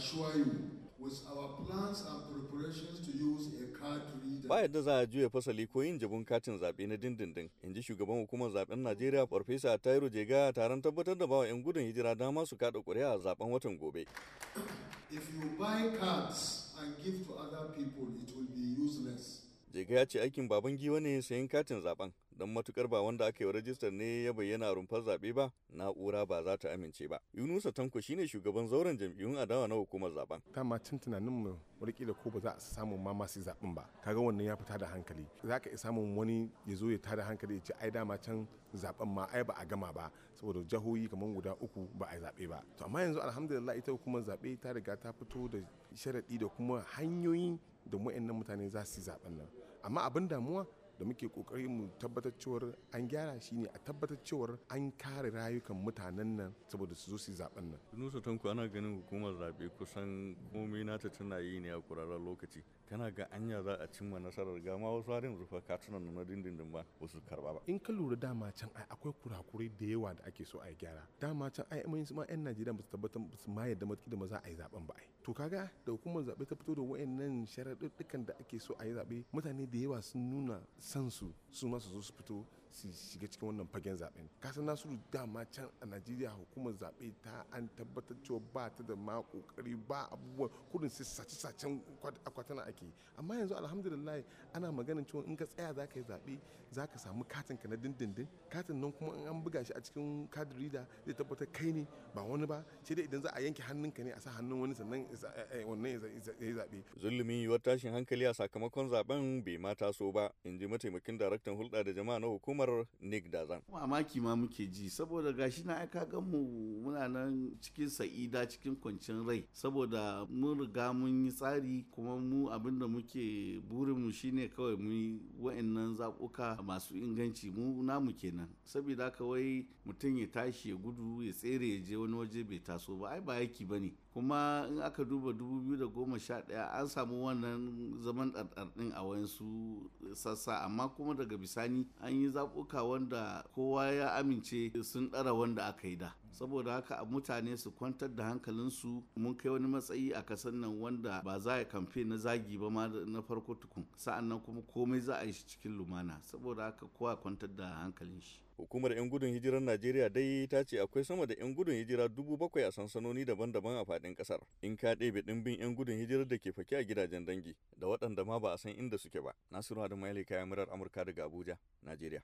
assure you with our plans and preparations to use a card reader. Ba yadda za a juya fasali ko yin jabun katin zaɓe na dindindin, in ji shugaban hukumar zaɓen Najeriya Farfesa Tairu Jega taron tabbatar da bawa 'yan gudun hijira dama su kaɗa ƙuri'a a zaɓen watan gobe. If you buy cards and give to other people, it will be useless. Jega ya ce aikin baban giwa ne sayan katin zaɓen. dan matukar ba wanda aka yi rajistar ne ya bayyana rumfar zaɓe ba na'ura ba za ta amince ba yunusa tanko shine shugaban zauren jam'iyyun adawa na hukumar zaben dama tun tunanin mu da ko ba za a samu ma masu zaɓen ba kaga wannan ya fita da hankali za ka samun wani ya zo ya tada hankali ya ce ai dama can zaɓen ma ai ba a gama ba saboda jahohi kamar guda uku ba a zaɓe ba to amma yanzu alhamdulillah ita hukumar zaɓe ta riga ta fito da sharaɗi da kuma hanyoyi da mu'annan mutane za su yi zaɓen nan amma abin damuwa da muke kokari mu tabbatar cewar an gyara shi ne a tabbatar cewar an kare rayukan mutanen nan saboda su zo su zaben nan nusa tanku ana ganin hukumar zabe kusan komai nata tana yi ne a kurarar lokaci tana ga anya za a cimma nasarar gama wasu harin rufa katunan na dindindin ba wasu karba ba in ka lura dama can ai akwai kurakurai da yawa da ake so a gyara dama can ai mun ma yan Najeriya ba su tabbatar ba su ma yadda da maza a yi zaben ba ai to kaga da hukumar zabe ta fito da wayannan sharaɗuɗɗukan da ake so a yi zabe mutane da yawa sun nuna Sansu su su masu zo su fito su shiga cikin wannan fagen zaben kasan nasiru dama can a najeriya hukumar zaɓe ta an tabbatar cewa ba ta da ma kokari ba abubuwa kudin su sace sacen akwatana ake amma yanzu alhamdulillah ana maganin cewa in ka tsaya za ka yi zaɓe za ka samu katin ka na dindindin katin nan kuma an buga shi a cikin kadirida reader zai tabbatar kai ne ba wani ba sai dai idan za a yanke hannunka ne a sa hannun wani sannan eh, eh, wannan ya yi zaɓe. zulumi yiwuwar tashin hankali a sakamakon zaben bai ma taso ba in ji mataimakin daraktan hulɗa da jama'a na hukuma. hukumar nigdazan mamaki ma muke ji saboda gashi na aika gan mu muna nan cikin sa'ida cikin kwanciyar rai saboda mun riga mun yi tsari kuma mu abinda muke burin mu shine kawai mu yi wa'annan zaɓuka masu inganci mu namu kenan saboda kawai mutum ya tashi ya gudu ya tsere ya je wani waje bai taso ba ai ba yaki bane kuma in aka duba 2011 an samu wannan zaman ɗarɗarɗin a wayansu sassa amma kuma daga bisani an yi zaɓuka wanda kowa ya amince sun ɗara wanda aka yi da saboda haka a mutane su kwantar da hankalinsu mun kai wani matsayi a kasan nan wanda ba za a kamfe na zagi ba ma na farko tukun sa'an nan kuma komai za a yi shi cikin lumana saboda haka kowa kwantar da hankalin shi hukumar 'yan gudun hijirar najeriya dai ta ce akwai sama da 'yan gudun hijira dubu bakwai a sansanoni daban-daban a faɗin kasar in ka ɗebe ɗimbin 'yan gudun hijirar da ke fake a gidajen dangi da waɗanda ma ba a san inda suke ba nasiru adamu ya kayan murar amurka daga abuja najeriya